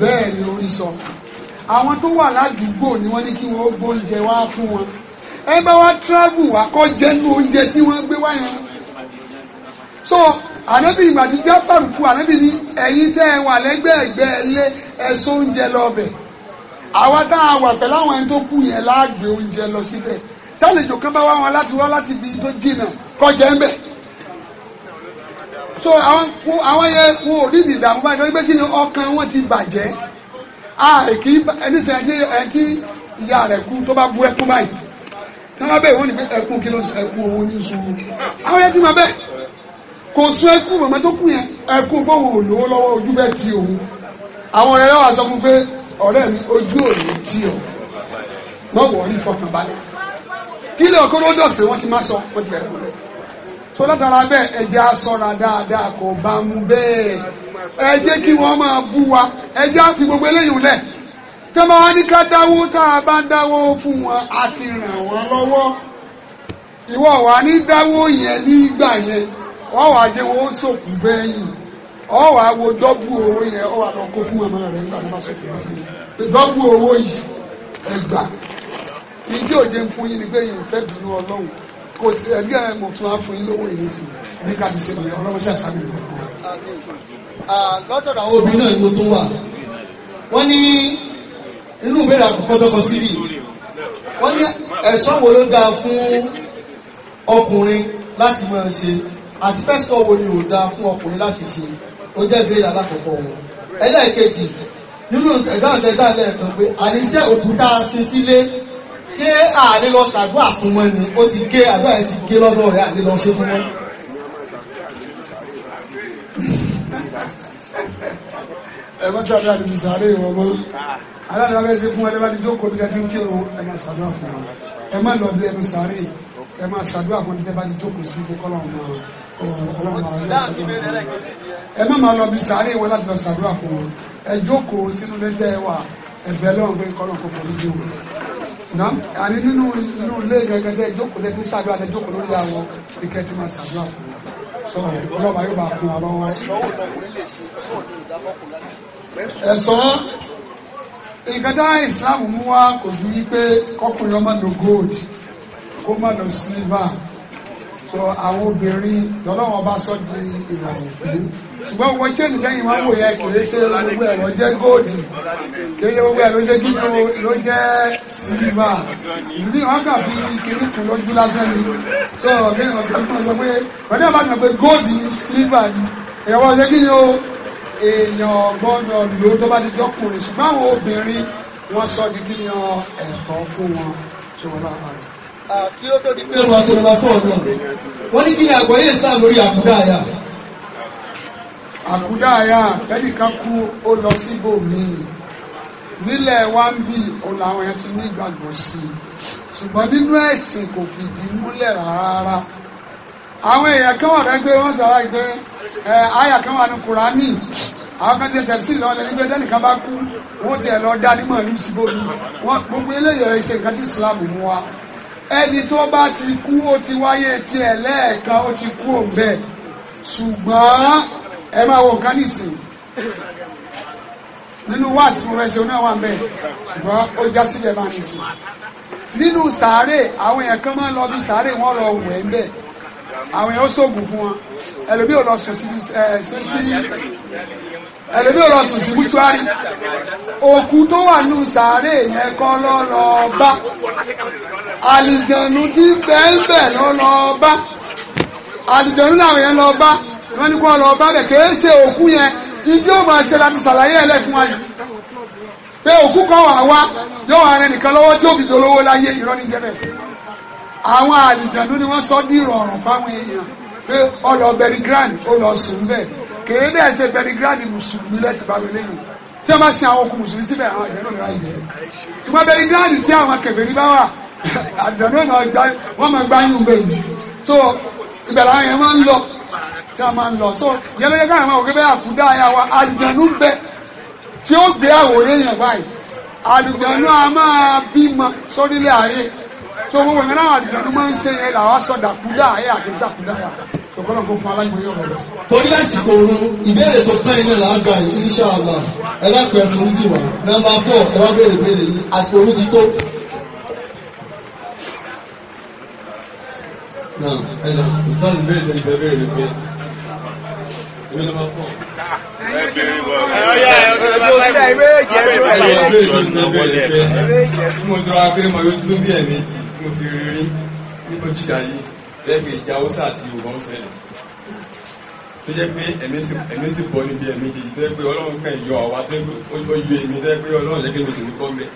bẹ́ẹ̀ ni orí sọ àwọn tó wà ládùúgbò ni wọ́n ní kí wọ́n gbóúnjẹ wá fún wọn ẹ bá wá travel wá kọ́ jẹ́nu oúnjẹ tí wọ́n gbé wá yẹn so ànábì ìgbà tí jáfàrù kú ànábì ní ẹ̀yin tẹ́ ẹ wà lẹ́gbẹ̀ẹ́gbẹ́ lé ẹ̀sọ́ oúnjẹ lọ́bẹ̀ àwa tá a wà pẹ̀lú àwọn ẹni tó kú yẹn láàgbé oúnjẹ lọ síbẹ̀ so àwọn àwọn yẹn wọn ò níbi ìdààmú báyìí lórí pé kí ni ọkàn wọn ti bàjẹ́ àìkí ẹni sẹ ẹni tí ìyá rẹ̀ kú tó bá bu ẹkún báyìí tí wọn bẹ ìwọ ni ẹkún kí ló ń ẹkún owó ní sùúrù àwọn yẹn ti máa bẹ kò sún ẹkún mọ̀mọ́ tó kù yẹn ẹkún bóun ò lówó lọ́wọ́ ojú bẹ́ẹ̀ ti òun àwọn ọ̀rẹ́ rẹ̀ wà sọ fún pé ọ̀rẹ́ mi ojú òní tí ọ̀ wọ́n wọ̀ ọ́ ní fọkànbalẹ̀ kí ilé ọkọ̀ ló dọ̀sẹ̀ wọ́n ti máa sọ wọ́n ti bẹ̀rẹ̀ fún mi. tó látara bẹ́ẹ̀ ẹ jẹ́ á dáadáa kò bá ń bẹ́ẹ̀ ẹ jẹ́ kí wọ́n máa bú wa ẹ jẹ́ gbogbo eléyìí lẹ̀ tẹ́ máa ní ká dáwó tá bá dáwó fún wọn àti ràn wọ́n lọ́wọ́ ìwọ wà ní dáwó yẹn yẹn wà jẹ́ wọ́n sòkù bẹ́yìn wà wo dọ́gbù owó yẹn wà lọ kó fún ọmọ rẹ̀ nígbà tó bá dọ́gbù owó yìí ẹgbà ìdí kò sí ẹgbẹ́ ẹ̀ kò tún àfún yín lówó yìí sí bí ká ti ṣe bẹ̀rẹ̀ ọlọ́run ṣe àṣà bẹ̀rẹ̀ lọ́tọ̀dọ̀ àwọn obìnrin náà ló tún wà wọ́n ní inú ìbéèrè àkọ́kọ́ tọkọ síbì wọ́n ní ẹ̀ṣọ́ wo ló dáa fún ọkùnrin láti máa ṣe àti fẹ́sọ̀ wo ni ò dáa fún ọkùnrin láti ṣe ó jẹ́ ìbéèrè alákọ̀ọ́kọ́ wọn ẹlẹ́ẹ̀kejì nínú ẹ̀dá ọ̀tẹ̀dá lẹ́ẹ̀kan pé àníṣe òkúta sin sílé ṣé ààrẹ lọ ṣàdúrà fún wọn ni ó ti gé àdúrà yẹn ti gé lọ́dọ̀ rẹ̀ àlè lọ ṣe fún wọn. ẹ má ṣàdúrà nínú sàárè ìwọ mọ́ aláàdúrà bẹ́ẹ̀ ṣe fún ẹ lẹ́wọ́n ìjókòó nígbà tí ń kírun ẹ má ṣàdúrà fún wọn ẹ má lọ bí ẹnu sàárè ẹ má ṣàdúrà fún nígbà tí jókòó sí kí kọ́lọ́ ẹ má máa lọ bí sàárè wọn láti lọ ṣàdúrà fún wọn ẹ jókòó sínú lẹ́jẹ̀ wà ẹ̀bẹ̀ lọ́wọ́ pé kọ́lọ́ kò forí náà àní nínú inú ilé gẹ́gẹ́ jókòó lẹ́tí ṣàdúrà lẹ́ jókòó lórí àwọn ìkẹ́ tí máa ṣàdúrà fún sọ ọlọ́ba yóò bá kún ọlọ́wọ́. ẹ̀sọ́ ìgbẹ́dá ìsìláàmù mú wá kò ju wípé kọkùnrin ọmọ lò gold kó má lò silver sọ àwọn obìnrin lọ́lọ́wọ́ bá sọ́ di ìràwọ̀ fún ṣùgbọ́n owó chain lẹ́yìn wá wò yẹ kìí ṣe gbogbo ẹ̀rọ jẹ́ góòdì kéye gbogbo ẹ̀rọ ṣe kí ló jẹ́ sílíbà ìlú wọn kà fi kiri kù lójú lásán ni tó ọ̀gbìn ọ̀gbìn ọ̀gbìn sọ pé ọ̀dẹ́ bá sọ pé góòdì sílíbà ni ìyàwó ṣe kí ló èèyàn gbọ́dọ̀ lò tó bá ti jọkùnrin ṣùgbọ́n àwọn obìnrin wọ́n sọ di kí ẹ̀tọ́ fún wọn ṣòwò náà wà kí ó tó di pé wọn tó lọ fún ọ̀nà wọn ní kí ni àgbọ̀yé ìsìlámù lórí àbúrò àyà. àkúdá àyà kẹ́nìkan kú ó lọ síbò míì nílẹ̀ ń bì ó làwọn yẹn ti ní ìgbàgbọ́ sí i ṣùgbọ́n nínú ẹ̀sìn kò fìdí múlẹ̀ rárá àwọn èèyàn kan wà rẹ́gbẹ́ wọ́n sọ̀rọ̀ ìgbẹ́ ẹ̀ àyà kan wà ní Kùránì àwọn kan ti tẹ̀sí lọ́wọ́ lẹ́ni pé tẹ́nìkan bá kú wọ́n lọ dá nímọ̀ ìlú Islam wa ẹni ẹ máa wọ nǹkan nìsín nínú wáàsí mo fẹ́ ṣe oní àwọn àmì ṣùgbọ́n ó já sílẹ̀ máa nìsín nínú sàárè àwọn èèyàn kan máa ń lọ bí sàárè wọn lọ wẹ̀ ń bẹ̀ àwọn èèyàn ó ṣògùn fún wọn ẹlòmíì ò lọ sùn sí ẹlòmí ò lọ sùn sí mútuárì òkú tó wà nù sàárè yẹn kọ́ lọ́lọ́ bá àlìjẹ̀nu tí bẹ́ẹ̀ bẹ́ẹ̀ lọ́lọ́ bá àlìjẹ̀nu làwọn yẹn lọ bá wọ́n ní kó wọn lọ bá bẹ̀ kéé ṣe òkú yẹn ìdí ó máa ṣe láti ṣàlàyé ẹ̀lẹ́ fún wa yìí pé òkú kan wà wá yóò wà rẹ nìkan lọ́wọ́ tí òbí dolówó láyé irọ́ ní jẹ́bẹ̀. àwọn àlìjàndó ni wọ́n sọ ní ìrọ̀rùn fáwọn èèyàn pé ọlọ bẹ̀rì grand ó lọ sùn bẹ́ẹ̀ kéé bẹ́ẹ̀ ṣe bẹ̀rì grand mùsùlùmí lẹ́tì bá wọlé yìí tí wọ́n bá sin àwọn okùn mùsùlùmí síbẹ̀ àwọn àjẹ́ lónìí ráyè jẹ́ ìwọ́n grand tí àwọn kẹfẹ́ ní bá wà àjẹ́ lónìí wọ́n máa gbá yín bẹ́ẹ̀ so ìbẹ̀rẹ̀ àwọn yẹn máa ń lọ tí a máa ń lọ so yẹn ló yẹ káwọn máa wò pé àkúdá ya wa àlùjànnú bẹ tí ó gbé àwòrán yẹn báyìí àlùjànnú a máa bímọ sórílẹ̀ ayé tó gbogbo ìgbà náà àlùjànnú máa ń ṣe yẹn làwọn sọdà kúdà ayé àdéṣà kúdà yà tòkọ́lọ̀ kó fún alágbèéyọ̀ rẹ̀. torí àsìkò oorun ìbéèrè tó pẹ́ iná là á gbà yìí insha Allah ẹlẹ́pẹ̀ẹ́ fún jìwà nọ́mbà fọ́ ẹ̀rọ béèrè béèrè yìí àsìkò oorun ti tó. ẹ̀dà ìsáàlì bẹ́ẹ̀ tẹ̀lé bẹ́ẹ̀ rẹ̀ pé ẹ̀mí ló máa pọ̀. Mo tọrọ abẹ́rẹ́ mọ̀ yóò tó bí ẹ̀mí tí mo ti rí nípa jìdá yìí lẹ́bi ìjà Hausa àti Yorùbá ń ṣẹlẹ̀. Tó jẹ́ pé ẹ̀mí sì bọ́ níbi ẹ̀mí jìjì tó jẹ́ pé Ọlọ́run kàn yọ àwa tó yọ èmi tó jẹ́ pé Ọlọ́run jẹ́ kí mi kì í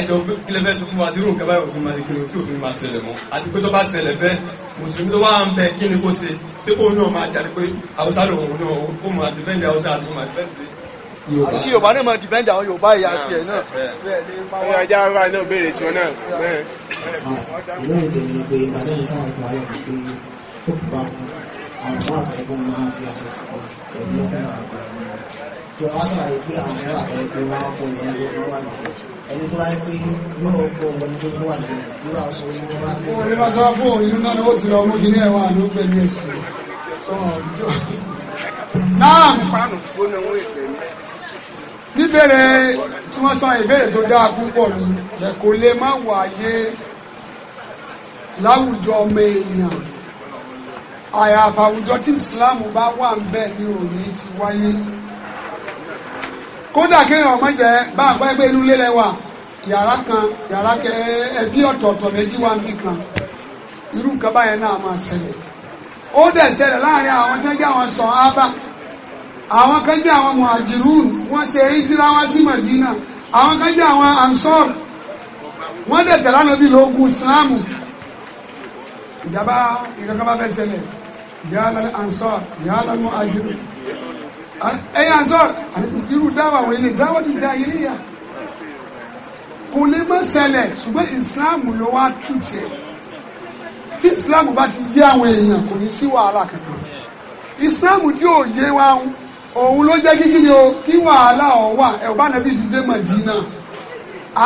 ẹjọ kílẹ̀ fẹ́ sọ fún wa tí irú kẹfà òfin máa kílẹ̀ tí òfin máa ṣẹlẹ̀ mọ́ àti pé tó bá ṣẹlẹ̀ fẹ́ mùsùlùmí tó wá ń bẹ kí ni kó ṣe tí kò náà máa jáde pé haúsá lòun náà ó máa dìfẹ́ǹdì haúsá àti ó máa dìfẹ́ǹdì yorùbá àti yorùbá náà máa dìfẹ́ǹdì àwọn yorùbá ìyá tiẹ̀ náà ah, bẹ́ẹ̀ ajá wa náà béèrè tiwọn náà bẹ́ẹ̀. ìlú mi tẹ̀lé pé ìbàdàn yìí sáwọn ìpàdé pé ó tó wá sàlàyé pé àwọn ẹ̀rọ àtàyè pé wọ́n á kó wọn ní gbogbo wà nílẹ̀ ẹni tó wáyé pé yóò kó wọn ní gbogbo wà nílẹ̀ lórí àwọn sọ wọn wá nílẹ̀. òun ní bá fún òun náà ni ó ti lọ mú kí ní ẹ̀wọ̀n àlọ́ pẹ̀lú ẹ̀sìn náà níbẹ̀rẹ̀ tí wọ́n sọ ìbéèrè tó dáa púpọ̀ ni ẹ̀kọ́ lè má wáyé láwùjọ ọmọ èèyàn àyàfàwùjọ tí ìsìláàmù bá wà ń bẹ ní òní ti wáyé kódà kéèyàn ọmọ jẹ bá àgbá ẹgbẹ́ inú lé lẹ́wà yàrá kan yàrá kẹ ẹbí ọ̀tọ̀ọ̀tọ̀ méjì wà níbi kan irú nǹkan báyẹn náà máa ṣẹlẹ̀ ó dẹ̀ ṣẹlẹ̀ láàrin àwọn tó ń jẹ́ àwọn sàn ábà àwọn kan jẹ́ àwọn muhajirun wọ́n ṣe ìdíra sí àwọn kan àwọn lóògùn ìjàmbá ìkankan bá ẹ̀yin àzọ́r irú dáwà wọ̀ ilé dáwà ti da ayé níyà kò lè má ṣẹlẹ̀ ṣùgbọ́n ìsìláàmù ló wá tù tiẹ̀ tí ìsìláàmù bá ti yé àwọn èèyàn kò ní sí wàhálà kankan ìsìláàmù tí ò yé wa òun ló jẹ́ kíkí yo kí wàhálà ọ̀ wà ẹ̀wọ̀n nàbí ti dé Màdínà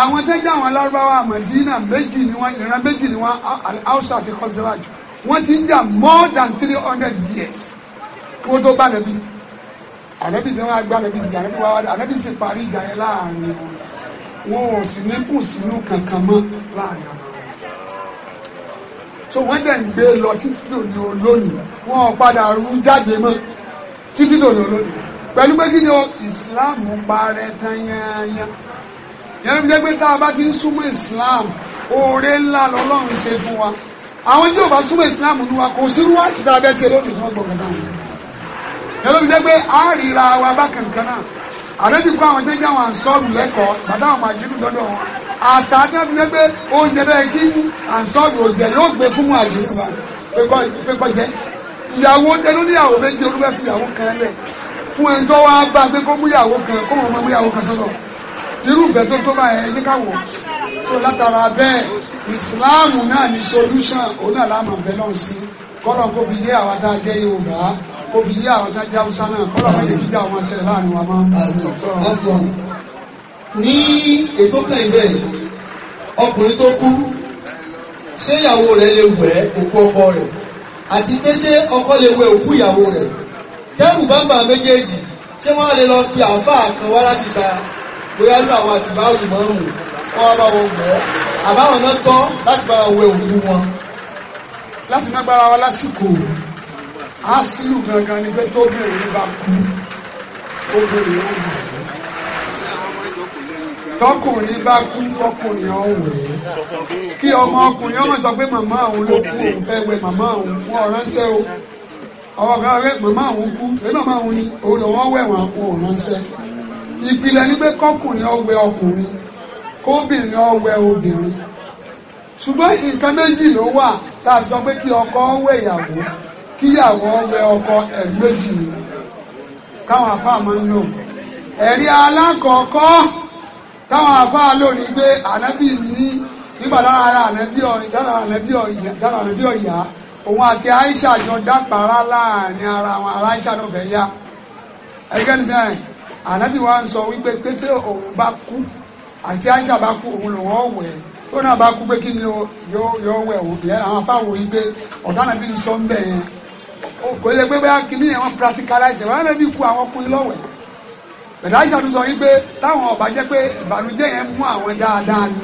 àwọn tẹ́jà àwọn alárúbáwá Màdínà méjì ni wọ́n ìran méjì ni wọ́n Hausa àti kọ́sẹ́wájú wọ́n ti ń jà more than three hundred years kí wọ́n tó bá nàbí ànábì ni wọ́n á gbá ànábì jìjà ànábì sì parí ìjà yẹn láàrin wọn wọn sì ní kù sínú kankan mọ́ láàrin wọn so wọ́n dẹ̀ ń gbé lọ títí dòní olónìí wọn ò padà rú jáde mọ́ títí dòní olónìí pẹ̀lú pé kí ni o ìsìláàmù parẹ́ tán yányán yẹn ń gbé tá a bá ti ń súnmọ́ ìsìláàmù oore ńlá lọ́lọ́run ṣe fún wa àwọn tí ò bá súnmọ́ ìsìláàmù ní wa kò sírú wáṣí tá a bẹ́ ṣe lónìí fún ọgbọ̀n kẹlẹ́ mi dẹ́gbẹ́ á ríra wa bákan kan náà àlejò kọ́ àwọn jẹ́jẹ́ àwọn ànsọ́ọ̀lù lẹ́kọ̀ọ́ bàtà àwọn àjẹmí lọ́dọ̀ wọn àtàdé mi dẹ́gbẹ́ oúnjẹ bẹ́ẹ̀ kí ànsọ́ọ̀lù òjẹ yóò gbé fún àjẹmí wa pẹ́kọ́ jẹ́ ìyàwó ẹnu níyàwó méjì olúwẹ́ fi ìyàwó kan lẹ̀ fún ẹni tó wá bá pé kó mú ìyàwó kan kó wọn mú ìyàwó kan sọ́dọ̀ irú ìbẹ́ tó tó báyẹn ẹni káwọ̀ tó látara bẹ́ẹ̀ ìsìláàmù náà ní solúṣàn òun náà láàmú ọ̀bẹ náà sí kọ́lọ̀ kó fi yé àwọn adájẹ́ Yorùbá òbí yá àwọn tájá haúsá náà kọ́lá wọn lè dídá àwọn ṣẹ láàrin wa máa ń bọ̀. ní ètò kẹ́hìnbẹ́ ọkùnrin tó kú ṣé ìyàwó rẹ̀ lè wẹ̀ òkú ọkọ rẹ̀ àti pé ṣé ọkọ lè wẹ̀ òkú ìyàwó rẹ̀ kẹ́rù bàbá méjèèjì ṣé wọ́n á lè lọ fi àáfàá kan wá láti ta bóyá lọ àwọn àtìbá olùmọ̀ọ́rùn wọn bá wọn wẹ̀ àbáwọn náà tọ́ láti bá wọn wẹ̀ òkú wọn. láti má gbára wa lásìkò asilu gangan ni pé tóbìnrin bá kú obìnrin ó wù ú tọkùnrin bá kú tọkùnrin ó wù ú kí ọmọ ọkùnrin ọmọ sọ pé màmá òun ló kú òun fẹ́ wẹ màmá òun wọn ránṣẹ́ o ọ̀gá rẹ màmá òun kú pé màmá òun ni òun lọ́wọ́ wẹ̀ wọn òun ránṣẹ́ ìpìlẹ̀ ni pé kọkùnrin ó wẹ ọkùnrin kóbìnrin ó wẹ obìnrin ṣùgbọ́n nǹkan méjì ló wà tá a sọ pé kí ọkọ ó wẹ ìyàwó. kíyàwó wẹ ọkọ ẹ̀ẹ̀mejì ni káwọn afá máa ń lò ẹ̀rí alákọ̀ọ́kọ́ káwọn afá lò ní ànábì ní nígbà lára ara ànábì ọ̀yà ànábì òun àti Aisha jọ dápàrá láàrin ara àwọn ará náà yá nìyẹn ànábì wa ń sọ wípé pété òun bá kú àti Aisha bá kú òun tó náà bá kú pé kí ni yóò òun àwọn pé kò yẹ pé bóyá kìíní yẹn wọ́n practicalize ẹ̀ wọ́n bí ku àwọn ọkùnrin lọ́wẹ̀ bẹ̀dá ìṣàtúnṣe sọ wípé táwọn ọba jẹ́ pé ìbànújẹ́ yẹn mú àwọn dáadáa ni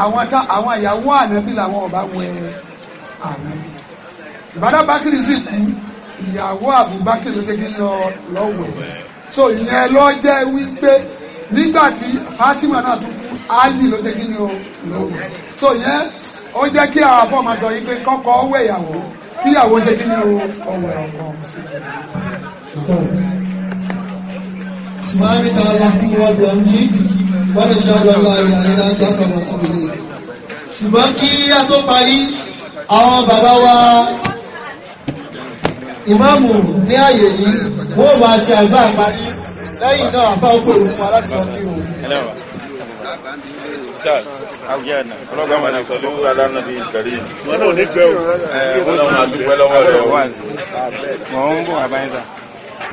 àwọn tá àwọn ìyàwó ànábì làwọn ọba wẹ ànábì ìbádá bákìrì sì kú ìyàwó àbúbákìrì ló ṣe kí lọ lọ́wẹ̀ so ìyẹn lọ jẹ́ wípé nígbà tí Fatima náà tún kú Ali ló ṣe kí lọ lọ́wẹ̀ so ìyẹn ó jẹ́ kí àwọn afọ́ máa sọ yìí pé kọ́kọ́ wẹ̀ ìyàwó kíyàwó ṣe kí ni o ọwọ́ ọkọ sí سبحانك اللهم وبحمدك ونشهد ان لا اله الا انت استغفرك ṣùgbọ́n kí a tó parí àwọn bàbá wa ìmáàmù ní àyè yìí wọ́n máa ṣe àgbà àparí lẹ́yìn náà àbá òkú òun aláàbò sí òun. Agbẹ́ẹ̀nà. Ọlọ́gbọ́n mọ̀ ní ìtọ́lú Adá Nàbí Ìkàrí. Wọ́n náà ní gbẹ́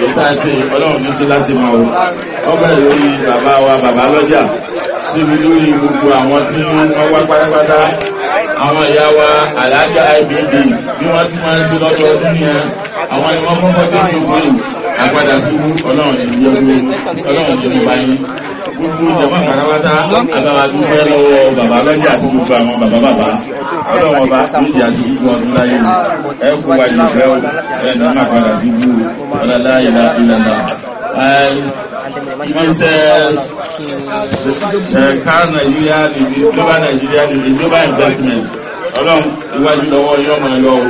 èyí tá a ṣe ọlọ́run ní sí láti máa wọ ọbẹ̀ lórí bàbá wa bàbá lọ́jà síbi lórí gbogbo àwọn tí wọ́n wá pátápátá àwọn ìyá wa àlàájá ibb bí wọ́n ti máa ń ṣe lọ́dọọdún yẹn àwọn ni wọ́n kọ́kọ́ sí gbogbo yìí àgbàdà sí ọlọ́run ìlú ọlọ́run ìlú báyìí gbogbo ìjọba pátápátá àbáwá dúpẹ́ lọ́wọ́ bàbá lọ́jà àti gbogbo àwọn bàbá bàbá ọlọ́run ọba lójì àti gbogbo ọdún láyé ẹ kó wa jù fẹ́ o ẹ nà má padà sí gbogbo ká nàìjíríà níbi global nàìjíríà níbi global investment ọlọ́run iwájú lọ́wọ́ yóò máa lọ o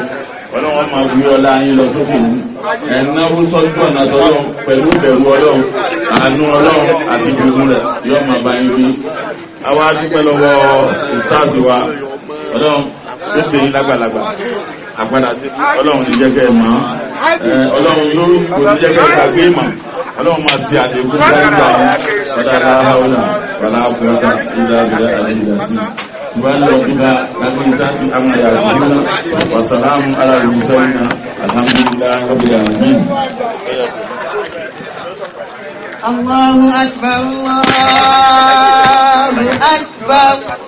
ọlọ́run máa wí ọlá yín lọ sókè yìí ẹ̀náwó tọ́jú ọ̀nà tọ́lọ́ pẹ̀lú bẹ̀rù ọlọ́run àánú ọlọ́run àti gbogbo rẹ̀ yóò máa bá yín bí àwa dúpẹ́ lọ́wọ́ ìsáàsì wa ọlọ́run ó ṣe yín lágbàlagbà àgbàdà sí ọlọ́run ní jẹ́kẹ́ mọ́ ọlọ́run yóò kò ní jẹ́kẹ́ gbàgbé mọ́ ọlọ́run máa ti àdéhùn láyé gbà yín. fatara haula wala kuwata illa bila alhidasi subhanahu wa ta'ala rabbil zati am yasin wa salamun ala